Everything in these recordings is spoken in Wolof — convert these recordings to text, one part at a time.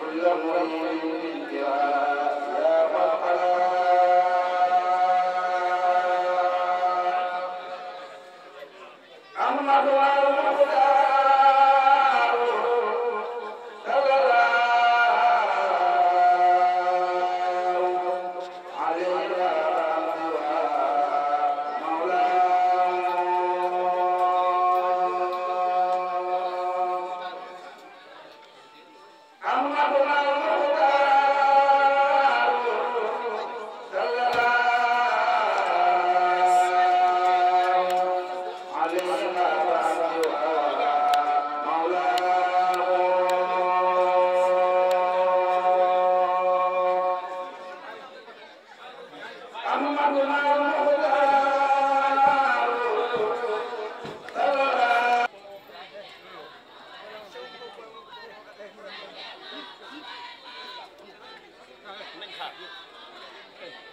كل مريد Hey.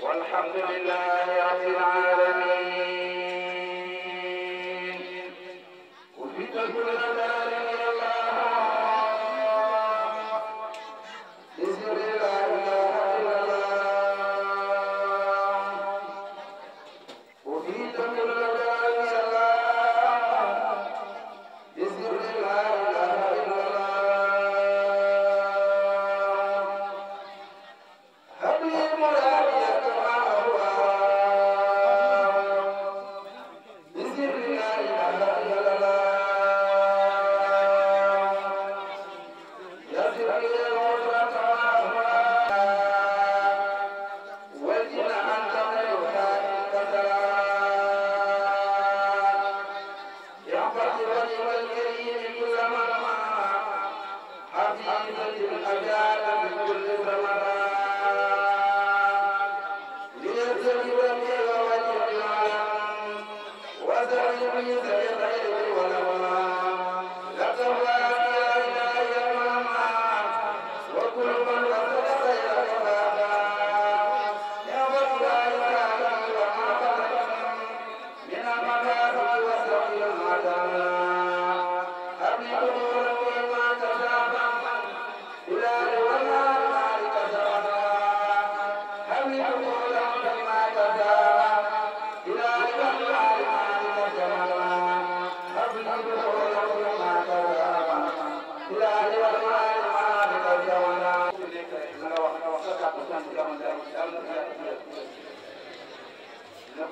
والحمد لله رب العالمين ¡Gracias!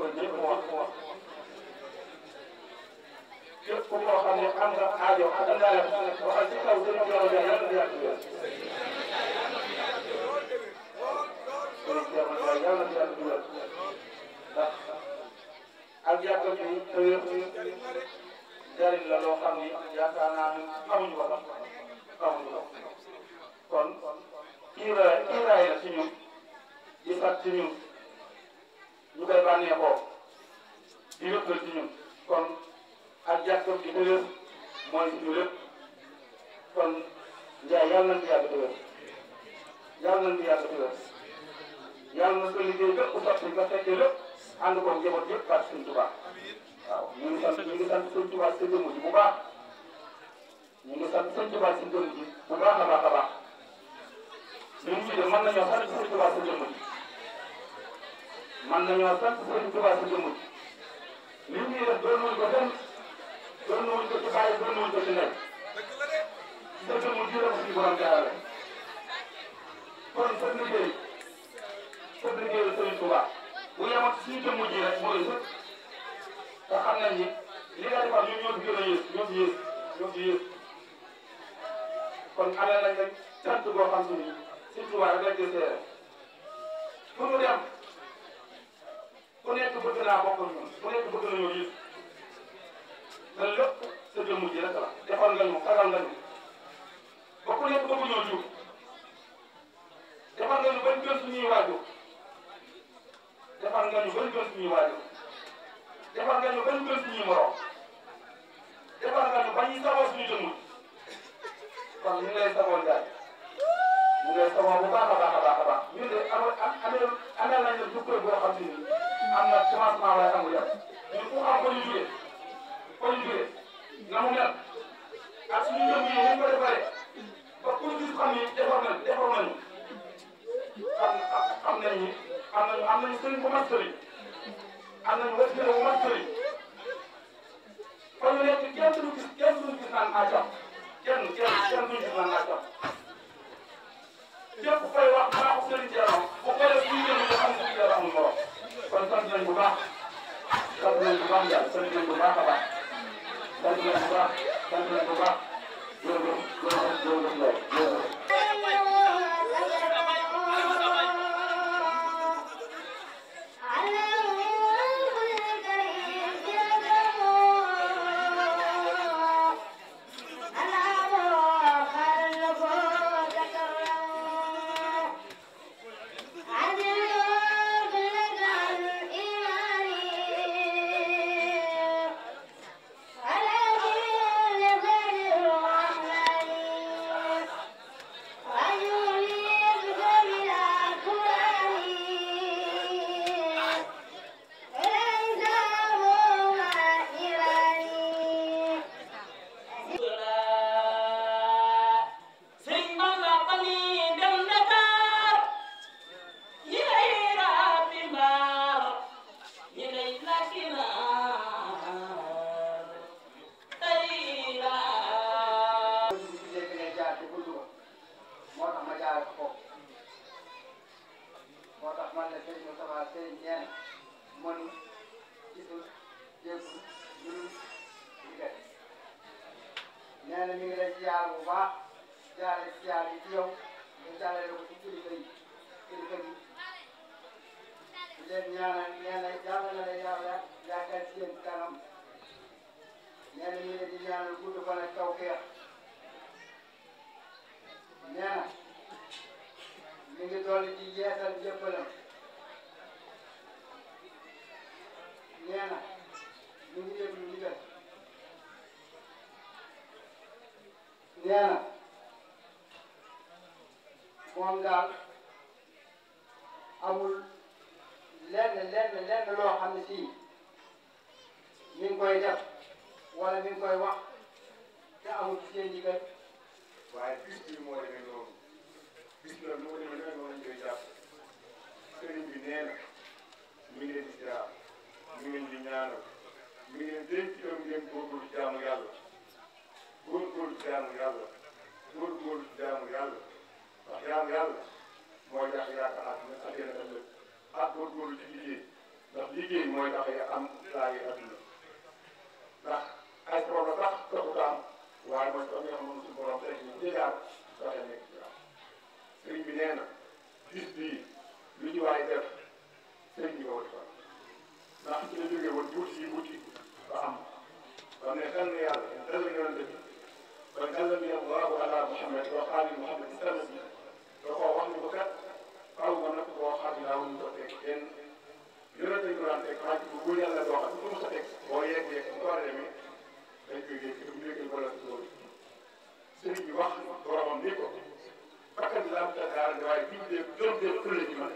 ko ñëpp wax képp koo xam ne am nga aajo ak ndayam waxal ci kaw sëñ Dior Dia yàlla na yàgg wér. sëñ Dior Dia yàlla na yàgg wér ndax ak yàgg bi tëwéer jariñ la loo xam ni yaakaar naa ni amuñu ko amuñu ko kon kii la kii la ci ñun di fat ci ñun. bànneexoo di yëppal ci ñun kon ak jàkkam ci dëgër mooy suñu lépp kon Ndiaye yàlla nañu yàgg dëgër yàlla nañu yàgg dëgër yàlla nañu ko liggéey lépp sotti nga fekkee lépp ànd koog njaboot yëpp parce que Sëñ Tuubaa waaw ñu ngi sant ñu ngi sant Sëñ Tuubaa si jëmm ji bu baax ñu ngi sant Sëñ Tuubaa si jëmm ji bu baax a baax a baax ñun fii de mën nañoo sant Sëñ Tuubaa si jëmm ji. man nañoo sant Sëriñ Tuubaa si jëmm li ñuy def doon nañ ko fenn doon nañ ko ci bàyyi doon nañ ko ci nekk dëgg mu jural si borom jaarale kon sa liggéey sa liggéey la Sëriñ Tuubaa bu yemoon si suñu jëmm ji rek mooy sëkk te xam nañ ni li nga defar ñun ñoo fi gën a yées ñoo fi yées ñoo fi yées kon amee nañ rek sant boo xam si ni Sëriñ Tuubaa rek lañ koy seere bëgg naa bokk ak ñoom ku nekk bëgg nañoo yëg te lépp sa jëmm ji rek la defal nga ñu xaral nga ñu ba ku nekk bëgg ñoo jiw defal nga ñu bañ gën suñuy waajur defal nga ñu bañ gën suñuy waajur defal nga ñu bañ gën suñuy morom defal nga ñu bañ saboo suñu jëmm ji kon ñu ngi lay saboo jaay ñu ngi lay saboo bu baax a baax a baax a baax ñun de amul amee amee nañu la boo xam ne nii. am na commencement waaye amul yàq ñun ku xam fa ñu jugee fa ñu jugee na mu mel ak suñu ñoom yi ñu ko defaree ba ku gis xam ni defar nañ defar nañu xam xam nañ ni am nañu am nañu sëriñ bu mat sëriñ am nañu wërsëg bu mat sëriñ kon ñu nekk kenn duñu gis kenn duñu gis naan naa jox kenn kenn kenn duñu gis naan naa jox képp koy wax baaxu sëriñ Thierno bu ko def bu ñu jëlee nga xam ne sëriñ Thierno amul morom kon sant nañ bu baax sant nañ bu baax daal sant nañ bu baax a baax sant nañ bu baax sant nañ bu baax jërëjëf jërëjëf jërëjëf Serigne Moustapha Serigne nee na mënu gisul jéegul mënul digal nee na mi bu baax jaaree ziar yi ci yow nga jaaree ko ci kilifa yi kilifa yi di leen ñaanal nee na yàlla na la yàlla yaakaar ci seen kanam nee na mi ngi leen di ñaanal gudd fan ak tawfeex nee na mi ngi dolli ci yeesal jëppalam nee na mi ngi leen di ziar mi ngi leen di ñaanal mi ngi leen denc ñoom ngeen góorgóorlu jaamu yàlla góorgóorlu jaamu yàlla góorgóorlu jaamu yàlla ndax jaamu yàlla mooy tax yaakaar àdduna ak yeneen ëllëg ak góorgóorlu ci liggéey ndax liggéey mooy tax ya am saa yi àdduna ndax ay problème sax taxut a am waaye mooy tax nga xam ne suñu borom tey jii ñu jégaat sax nekk ci am sëriñ bi nee na bis bii. ci waay def sëriñ bi ko defal ndax ci la jógee woon tuuti yi wuti ba am ba ne xel na yàlla xel na yonente bi ba xel na allahu ala muhammad wa xaali muhammad sallam bi da koo wax ni ko kat faaw nga nag boo xam ne daawuñu ko teg kenn yonente bi ko daan teg xaaj bu bu yàlla doo xam ne mu sa teg boo yeggee bu war a demee dañ koy yegg mu nekkal ko la loolu sëriñ bi wax boromam ni ko bakkan laa mu tàggaarante waaye fii de juróom-juróom fële ji ma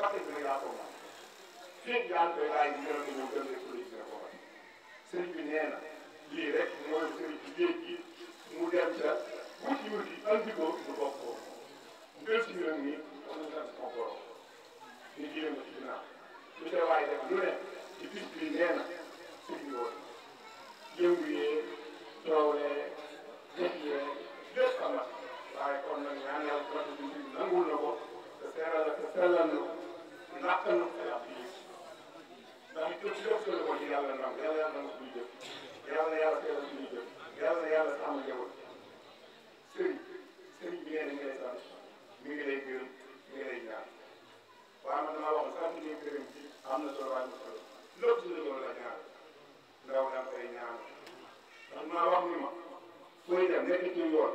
fàtte bi rek laa ko moom féeg yaa ngi koy bàyyi di gërëm di ñëw gën rek produit bi nga ko war sëriñ bi nee na lii rek mooy sëriñ bi géej gi mu dem ca wuti wuti andi ko mu bokk ko ngël ci ngërëm ni amul sant sama borom ni jëlee ma ci ginnaaw lu ca waay def lu ne ci bis bi nee na sëriñ bi woon yëngu yee doowlee def yee lépp a mat waaye kon nag ñaan yàlla sant bi nanguwul na ko te seeral na te sellal na ko ndax ëllëg day am lii ndax li jëm lépp ëllëg mooy yàlla nangu yàlla yàlla nangu suñu jëm yàlla yàlla teelal suñu jëm yàlla yàlla sàmm njaboot sëriñ sëriñ bi nee na mi ngi lay sant mi ngi lay gërëm mi ngi lay ñaan waaye man damaa wax ne sant nañu gërëm ci am na solo waaye mu solo lépp si la loolu la ñaan ndaw da nga koy ñaan ndax maa wax ni ma fooy dem nekk ci yoon.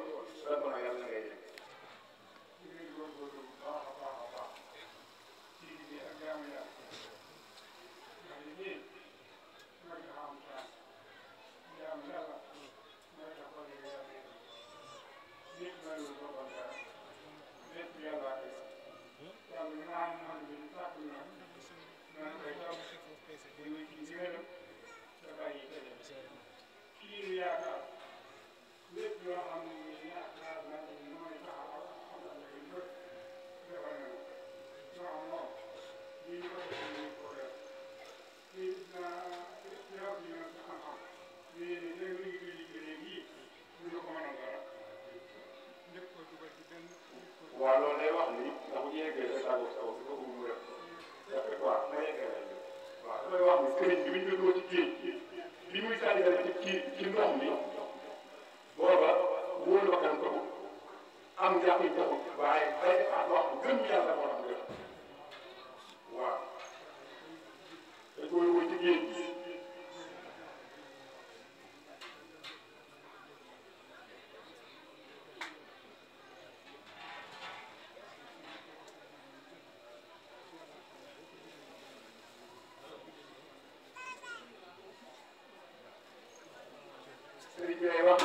Dewa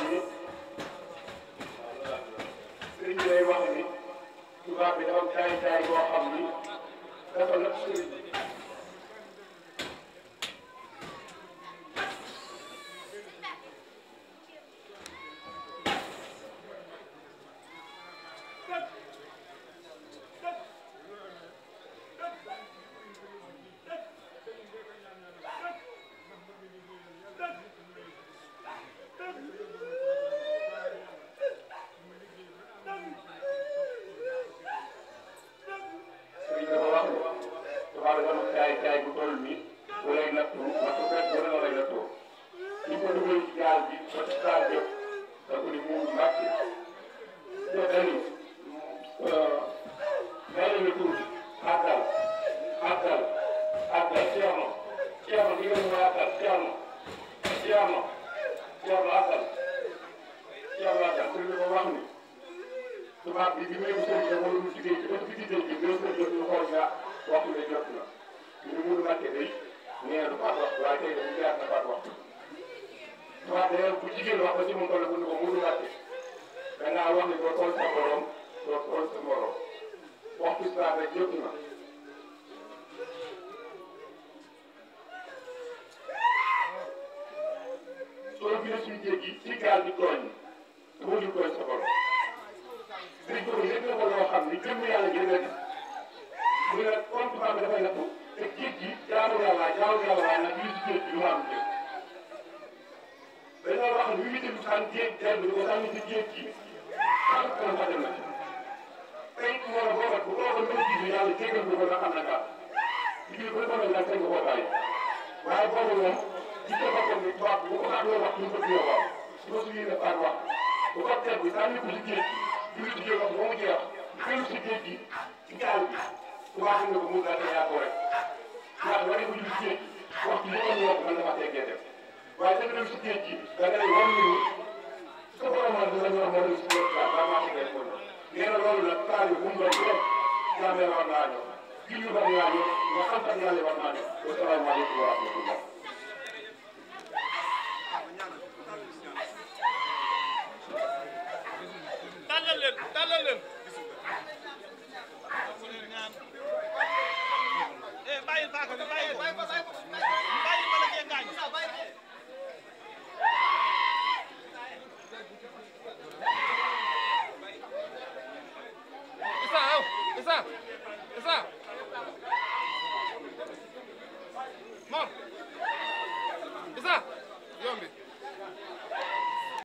bi la suy jéggi ci gaal bi tooñ mu ngi tooñ sa borom sëriñ boobu yëg na ko loo xam ni jëmm yàlla gën a gis mu ne compte banque dafay nattu te géej gi jaamu yàlla jaamu yàlla waaye nag lii ci géej gi lu am géej dañoo wax ni huitième fan géej dellu ko sànni ci géej gi xam kon fa dem na tey moo la boobat bu kooku mën gis yàlla jéggal ko ba nga xam na kaa liggéey bu ko mën nag tey nga koo bàyyi waaye boobu moom gis nga fas yéene tubaab bu ko faa doon wax ñu ko dee wax su ma sugee def daan wax bu ko teel bi daan yóbbu si géej bi dugg si géej wax ba mu jeex xëy si géej gi ci gaal bi tubaab bi nga ko mun daal di yaatoo rek ndax wane ko jub si géej wax bi yoroon yoo ko mën na faa teggee def waaye dama dem si géej gi da ngay wan ñu sa borom man dina ñor moo dem si géej bi daa maa teggee kon nee na loolu nag taal yi bu mu doon def jàmbee war naa ñëw gis ñu war naa ñëw nga xam ak yàlla war naa ñëw wasalaamaaleykum wa rahmatullah